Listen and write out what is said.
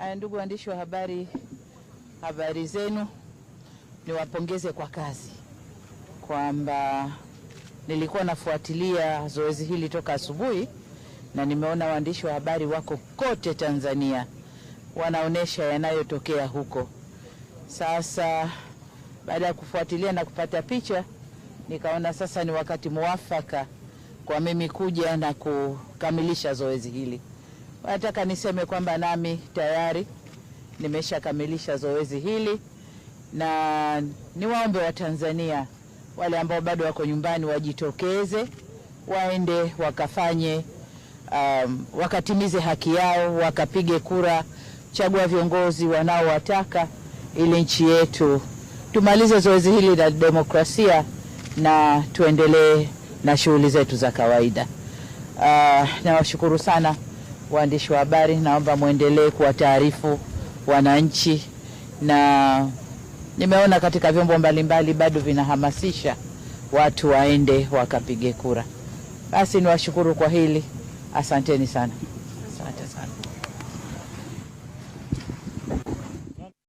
aya ndugu waandishi wa habari, habari zenu. Niwapongeze kwa kazi, kwamba nilikuwa nafuatilia zoezi hili toka asubuhi na nimeona waandishi wa habari wako kote Tanzania wanaonesha yanayotokea huko. Sasa baada ya kufuatilia na kupata picha, nikaona sasa ni wakati muwafaka kwa mimi kuja na kukamilisha zoezi hili. Nataka niseme kwamba nami tayari nimeshakamilisha zoezi hili, na niwaombe Watanzania wale ambao bado wako nyumbani wajitokeze, waende wakafanye um, wakatimize haki yao, wakapige kura, chagua viongozi wanaowataka ili nchi yetu tumalize zoezi hili la demokrasia na tuendelee na shughuli zetu za kawaida. Uh, nawashukuru sana waandishi wa habari, naomba mwendelee kuwataarifu wananchi, na nimeona katika vyombo mbalimbali bado vinahamasisha watu waende wakapige kura. Basi niwashukuru kwa hili, asanteni sana.